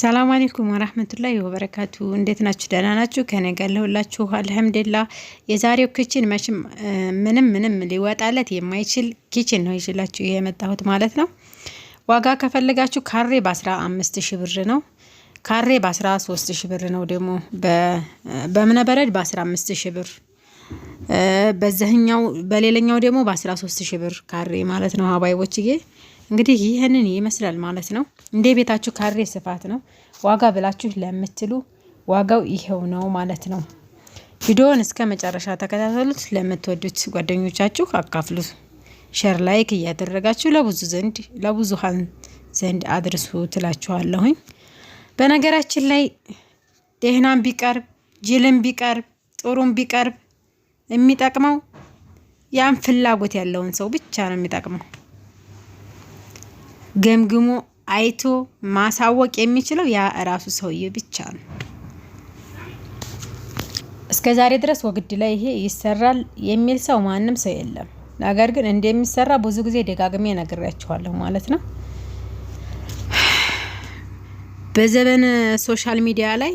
ሰላም አለይኩም ወራህመቱላሂ ወበረካቱ። እንዴት ናችሁ? ደህና ናችሁ? ከኔ ጋር ለሁላችሁ አልሐምዱሊላህ። የዛሬው ክችን መቼም ምንም ምንም ሊወጣለት የማይችል ኪችን ነው ይችላችሁ የመጣሁት ማለት ነው። ዋጋ ከፈለጋችሁ ካሬ በ15 ሺህ ብር ነው። ካሬ በ13 ሺህ ብር ነው። ደግሞ በእብነ በ15 ሺህ ብር፣ በዚህኛው በሌላኛው ደግሞ በ13 ሺህ ብር ካሬ ማለት ነው። ሀባይቦችዬ እንግዲህ ይህንን ይመስላል ማለት ነው። እንደ ቤታችሁ ካሬ ስፋት ነው። ዋጋ ብላችሁ ለምትሉ ዋጋው ይሄው ነው ማለት ነው። ቪዲዮውን እስከ መጨረሻ ተከታተሉት። ለምትወዱት ጓደኞቻችሁ አካፍሉት። ሸር ላይክ እያደረጋችሁ ለብዙ ዘንድ ለብዙሀን ዘንድ አድርሱ ትላችኋለሁኝ። በነገራችን ላይ ደህናም ቢቀርብ ጅልም ቢቀርብ ጥሩም ቢቀርብ የሚጠቅመው ያን ፍላጎት ያለውን ሰው ብቻ ነው የሚጠቅመው። ገምግሞ አይቶ ማሳወቅ የሚችለው ያ ራሱ ሰውዬ ብቻ ነው። እስከ ዛሬ ድረስ ወግድ ላይ ይሄ ይሰራል የሚል ሰው ማንም ሰው የለም። ነገር ግን እንደሚሰራ ብዙ ጊዜ ደጋግሜ ነግሬያችኋለሁ ማለት ነው። በዘመን ሶሻል ሚዲያ ላይ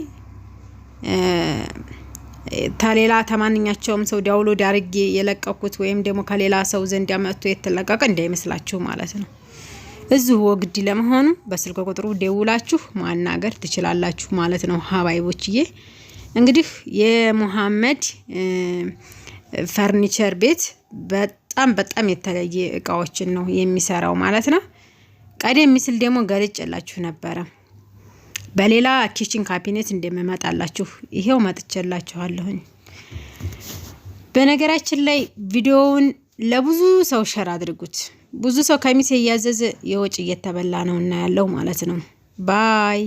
ከሌላ ተማንኛቸውም ሰው ዳውሎድ አድርጌ የለቀኩት ወይም ደግሞ ከሌላ ሰው ዘንድ መጥቶ የተለቀቀ እንዳይመስላችሁ ማለት ነው። እዚሁ ወግዲ ለመሆኑ በስልክ ቁጥሩ ደውላችሁ ማናገር ትችላላችሁ ማለት ነው። ሀባይቦችዬ እንግዲህ የሙሐመድ ፈርኒቸር ቤት በጣም በጣም የተለየ እቃዎችን ነው የሚሰራው ማለት ነው። ቀደም ሲል ደግሞ ገልጬላችሁ ነበረ። በሌላ ኪችን ካቢኔት እንደምመጣላችሁ ይሄው መጥቼላችኋለሁኝ። በነገራችን ላይ ቪዲዮውን ለብዙ ሰው ሸር አድርጉት። ብዙ ሰው ከሚሴ እያዘዘ የወጭ እየተበላ ነው እና ያለው ማለት ነው። ባይ